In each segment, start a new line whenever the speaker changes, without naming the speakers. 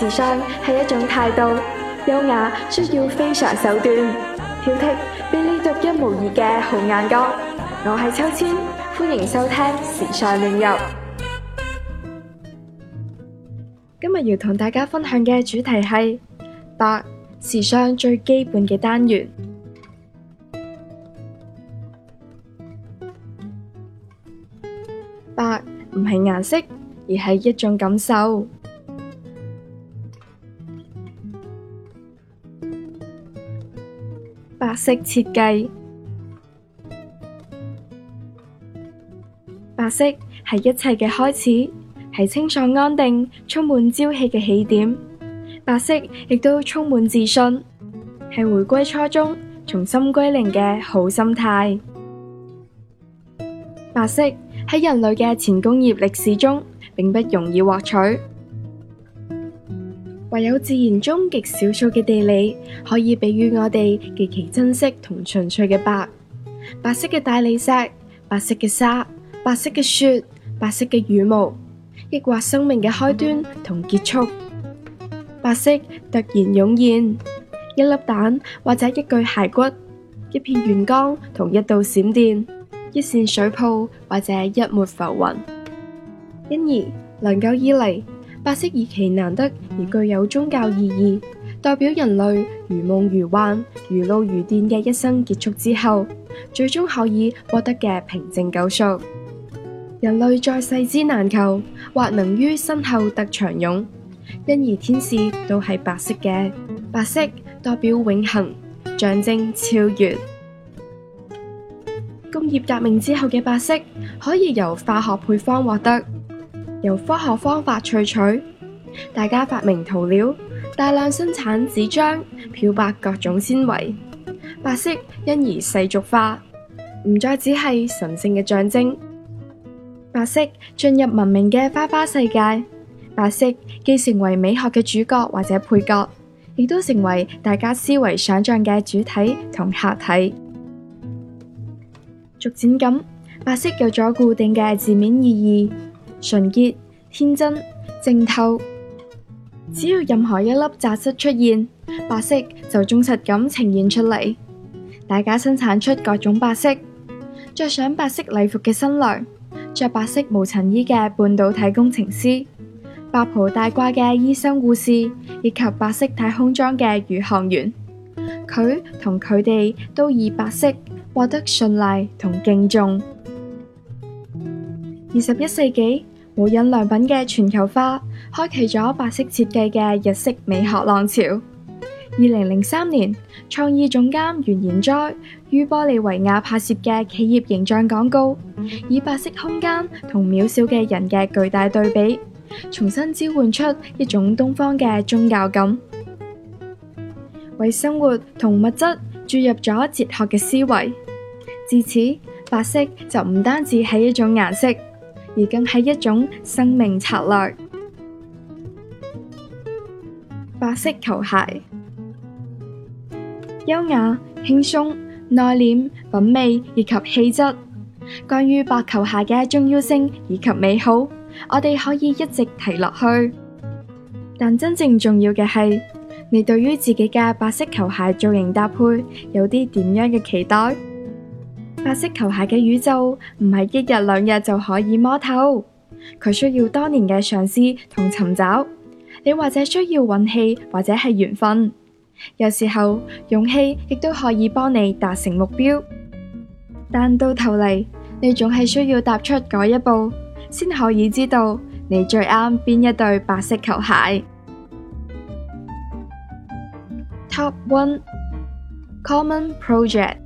時尚係一種態度，優雅需要非常手段，挑剔俾你獨一無二嘅好眼光。我係秋千，歡迎收聽時尚亂入。今日要同大家分享嘅主題係白，時尚最基本嘅單元。白唔係顏色，而係一種感受。色設計，白色係一切嘅開始，係清爽安定、充滿朝氣嘅起點。白色亦都充滿自信，係回歸初衷、重新歸零嘅好心態。白色喺人類嘅前工業歷史中，並不容易獲取。唯有自然中極少數嘅地理，可以比喻我哋極其珍惜同純粹嘅白。白色嘅大理石，白色嘅沙，白色嘅雪，白色嘅羽毛，抑或生命嘅開端同結束。白色突然湧現，一粒蛋或者一具骸骨，一片圓光同一道閃電，一線水泡或者一抹浮雲。因而能夠以嚟。白色以其難得而具有宗教意義，代表人類如夢如幻、如露如電嘅一生結束之後，最終可以獲得嘅平靜救贖。人類在世之難求，或能於身後得長擁，因而天使都係白色嘅。白色代表永恆，象徵超越。工業革命之後嘅白色，可以由化學配方獲得。由科學方法萃取，大家發明塗料，大量生產紙張，漂白各種纖維，白色因而世俗化，唔再只係神聖嘅象徵。白色進入文明嘅花花世界，白色既成為美學嘅主角或者配角，亦都成為大家思維想象嘅主體同客體。逐漸咁，白色有咗固定嘅字面意義。純潔、天真、淨透，只要任何一粒雜質出現，白色就忠實咁呈現出嚟。大家生產出各種白色，着上白色禮服嘅新娘，着白色無塵衣嘅半導體工程師，白袍大褂嘅醫生護士，以及白色太空裝嘅宇航員，佢同佢哋都以白色獲得信賴同敬重。二十一世紀。無印良品嘅全球化，開啟咗白色設計嘅日式美學浪潮。二零零三年，創意總監原研哉於玻利維亞拍攝嘅企業形象廣告，以白色空間同渺小嘅人嘅巨大對比，重新召喚出一種東方嘅宗教感，為生活同物質注入咗哲學嘅思維。至此，白色就唔單止係一種顏色，而更係一種生命策略。白色球鞋，優雅、輕鬆、內斂、品味以及氣質，關於白球鞋嘅重要性以及美好，我哋可以一直提落去。但真正重要嘅係，你對於自己嘅白色球鞋造型搭配有啲點樣嘅期待？白色球鞋嘅宇宙唔係一日兩日就可以摸透，佢需要多年嘅嘗試同尋找。你或者需要運氣，或者係緣分。有時候勇氣亦都可以幫你達成目標，但到頭嚟，你總係需要踏出嗰一步，先可以知道你最啱邊一對白色球鞋。Top one common project。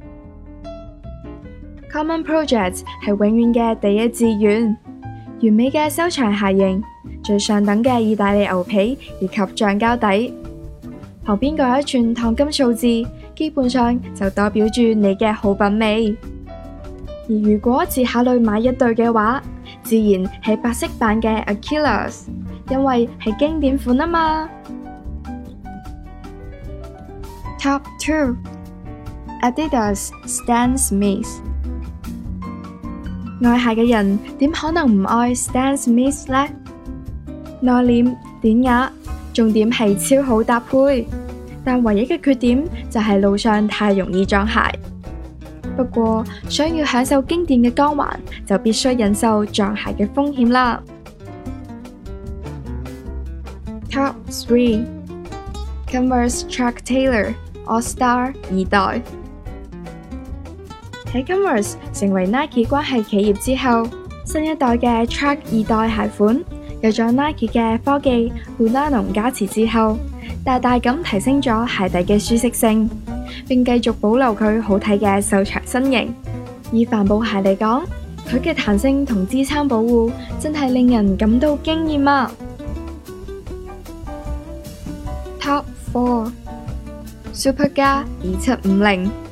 Common Projects 係永遠嘅第一志願，完美嘅修長鞋型，最上等嘅意大利牛皮以及橡膠底。旁邊嗰一串燙金數字，基本上就代表住你嘅好品味。而如果只考慮買一對嘅話，自然係白色版嘅 Achilles，因為係經典款啊嘛。Top two，Adidas Stan Smith。愛鞋嘅人點可能唔愛 Stan Smith 咧？內斂、典雅，重點係超好搭配，但唯一嘅缺點就係路上太容易撞鞋。不過，想要享受經典嘅光環，就必須忍受撞鞋嘅風險啦。Top three Converse Chuck Taylor All Star 二代。喺 Converse 成為 Nike 關係企業之後，新一代嘅 Track 二代鞋款，有咗 Nike 嘅科技 Lunarlon 加持之後，大大咁提升咗鞋底嘅舒適性，並繼續保留佢好睇嘅瘦長身形。以帆布鞋嚟講，佢嘅彈性同支撐保護真係令人感到驚豔啊！Top Four Superga 2750。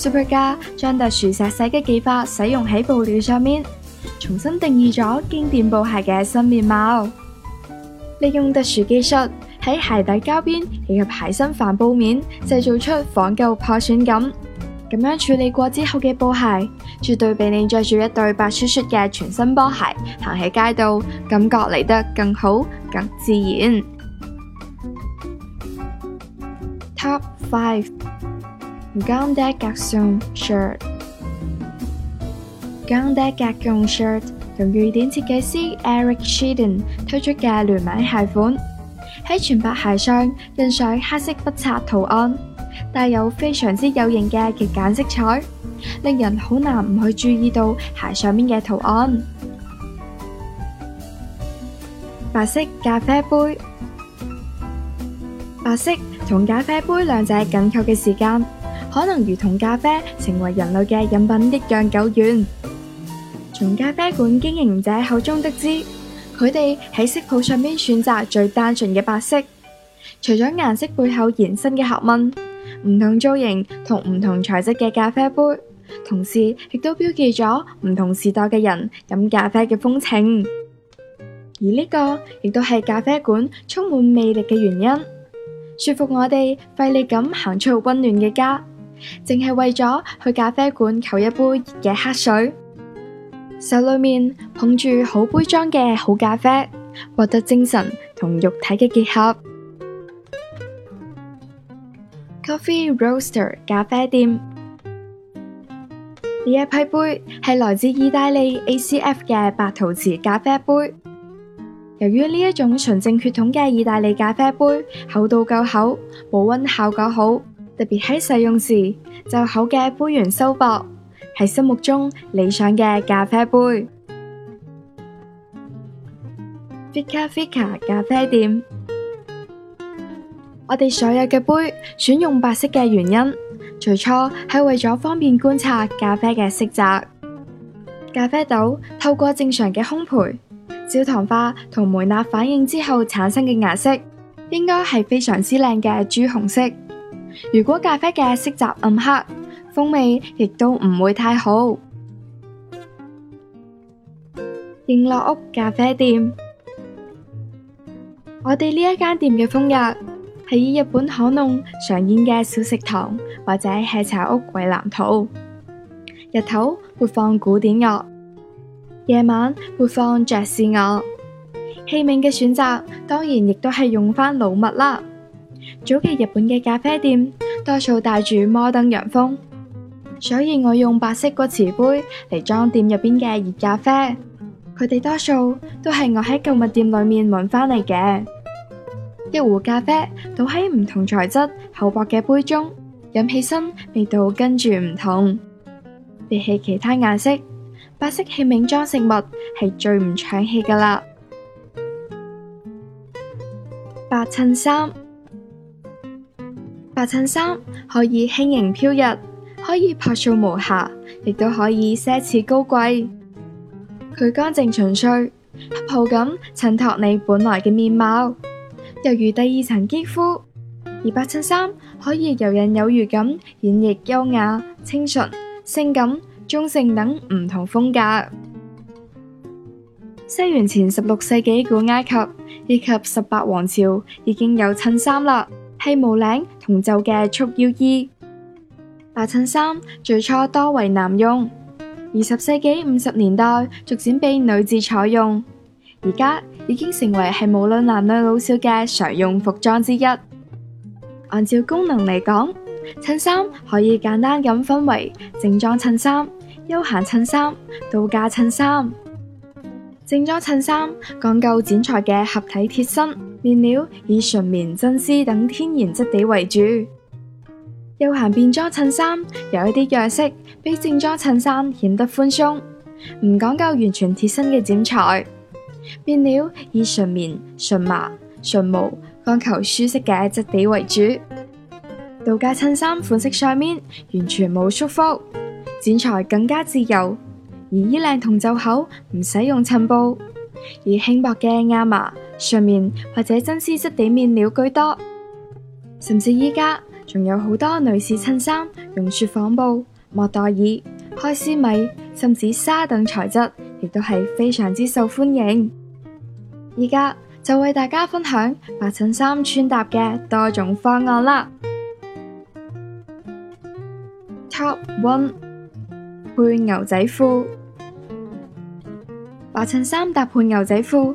Superga 將特殊石洗嘅技法使用喺布料上面，重新定義咗經典布鞋嘅新面貌。利用特殊技術喺鞋底膠邊以及鞋身帆布面，製造出仿舊破損感。咁樣處理過之後嘅布鞋，絕對比你着住一對白雪雪嘅全新波鞋行喺街道，感覺嚟得更好、更自然。Top five。江德吉松 shirt，江德吉共 shirt，由瑞典設計師 Eric Schieden 推出嘅聯名鞋款，喺全白鞋上印上黑色不測圖案，帶有非常之有型嘅極簡色彩，令人好難唔去注意到鞋上面嘅圖案。白色咖啡杯，白色同咖啡杯兩者緊扣嘅時間。可能如同咖啡成為人類嘅飲品一樣久遠。從咖啡館經營者口中得知，佢哋喺色譜上邊選擇最單純嘅白色，除咗顏色背後延伸嘅學問，唔同造型同唔同材質嘅咖啡杯，同時亦都標記咗唔同時代嘅人飲咖啡嘅風情。而呢個亦都係咖啡館充滿魅力嘅原因，說服我哋費力咁行出溫暖嘅家。淨係為咗去咖啡館求一杯熱嘅黑水，手裏面捧住好杯裝嘅好咖啡，獲得精神同肉體嘅結合。Coffee Roaster 咖啡店，呢一批杯係來自意大利 ACF 嘅白陶瓷咖啡杯。由於呢一種純正血統嘅意大利咖啡杯，厚度夠厚，保温效果好。特別喺使用時，就好嘅杯緣收薄，係心目中理想嘅咖啡杯。Fika Fika 咖啡店，我哋所有嘅杯選用白色嘅原因，最初係為咗方便觀察咖啡嘅色澤。咖啡豆透過正常嘅烘焙、焦糖化同梅納反應之後產生嘅顏色，應該係非常之靚嘅朱紅色。如果咖啡嘅色澤暗黑，風味亦都唔會太好。迎樂屋咖啡店，我哋呢一間店嘅風格係以日本可弄常見嘅小食堂或者吃茶屋為藍圖。日頭會放古典樂，夜晚會放爵士樂。器皿嘅選擇當然亦都係用翻老物啦。早期日本嘅咖啡店多數帶住摩登洋風，所以我用白色骨瓷杯嚟裝店入邊嘅熱咖啡。佢哋多數都係我喺購物店裏面搵返嚟嘅。一壺咖啡倒喺唔同材質厚薄嘅杯中，飲起身味道跟住唔同。比起其他顏色，白色器皿裝食物係最唔搶氣㗎啦。白襯衫。白襯衫可以輕盈飄逸，可以樸素無瑕，亦都可以奢侈高貴。佢乾淨純粹，恰好咁襯托你本來嘅面貌，猶如第二層肌膚。而白襯衫可以游刃有餘咁演繹優雅、清純、性感、中性等唔同風格。西元前十六世紀古埃及以及十八王朝已經有襯衫啦。係無領同袖嘅束腰衣，白襯衫最初多為男用，二十世紀五十年代逐漸被女子採用，而家已經成為係無論男女老少嘅常用服裝之一。按照功能嚟講，襯衫可以簡單咁分為正裝襯衫、休閒襯衫、度假襯衫。正裝襯衫講究剪裁嘅合體貼身。面料以純棉、真絲等天然質地為主，休閒便裝襯衫有一啲樣式，比正裝襯衫顯得寬鬆，唔講究完全貼身嘅剪裁。面料以純棉、純麻、純毛，講求舒適嘅質地為主。度假襯衫款式上面完全冇束縛，剪裁更加自由，而衣領同袖口唔使用襯布，以輕薄嘅亞麻。上面或者真絲質地面料居多，甚至依家仲有好多女士襯衫用雪紡布、莫代爾、開絲米甚至紗等材質，亦都係非常之受歡迎現在。依家就為大家分享白襯衫穿搭嘅多種方案啦。Top one 配牛仔褲，白襯衫搭配牛仔褲。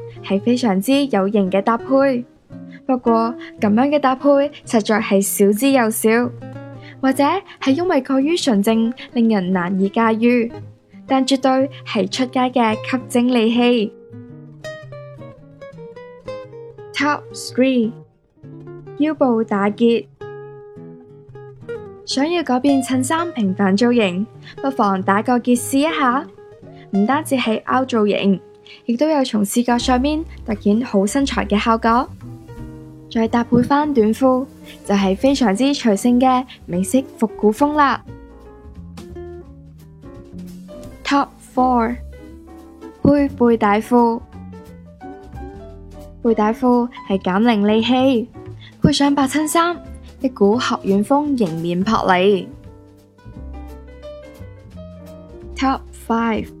係非常之有型嘅搭配，不過咁樣嘅搭配實在係少之又少，或者係因為過於純正，令人難以駕馭，但絕對係出街嘅吸睛利器。Top three，腰部打結，想要改變襯衫平凡造型，不妨打個結試一下，唔單止係凹造型。亦都有從視覺上面凸顯好身材嘅效果，再搭配翻短褲就係非常之隨性嘅美式復古風啦。Top four，配背帶褲，背帶褲係減齡利器，配上白襯衫，一股學院風迎面撲嚟。Top five。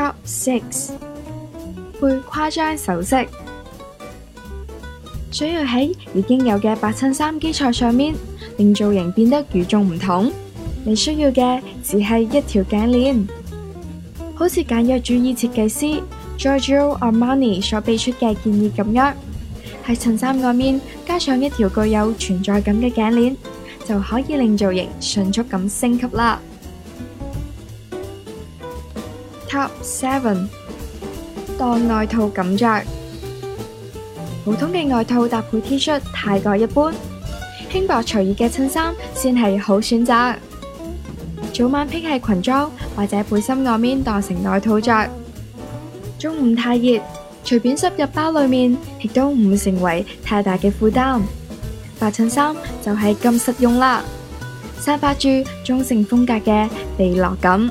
Top six，配誇張首飾，主要喺已經有嘅白襯衫基礎上面，令造型變得與眾唔同。你需要嘅只係一條頸鏈，好似簡約主義設計師 Giorgio Armani 所俾出嘅建議咁樣，喺襯衫外面加上一條具有存在感嘅頸鏈，就可以令造型迅速咁升級啦。七，當外套咁着，普通嘅外套搭配 T 恤太過一般，輕薄隨意嘅襯衫先係好選擇。早晚披係裙裝或者背心外面當成外套着，中午太熱，隨便塞入包裏面亦都唔會成為太大嘅負擔。白襯衫就係咁實用啦，散發住中性風格嘅利落感。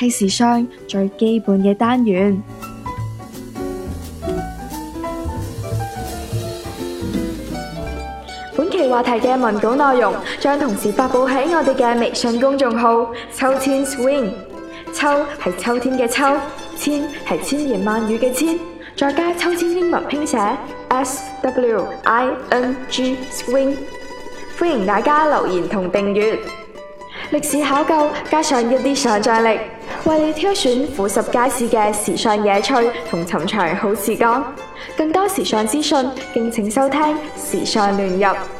係時上最基本嘅單元。本期話題嘅文稿內容將同時發布喺我哋嘅微信公眾號“秋千 swing”。秋係秋天嘅秋，千係千言萬語嘅千，再加秋千英文拼寫 S W I N G swing。歡迎大家留言同訂閱。歷史考究加上一啲想象力。為你挑選俯拾皆是嘅時尚野趣同尋常好時光，更多時尚資訊，敬請收聽時尚亂入。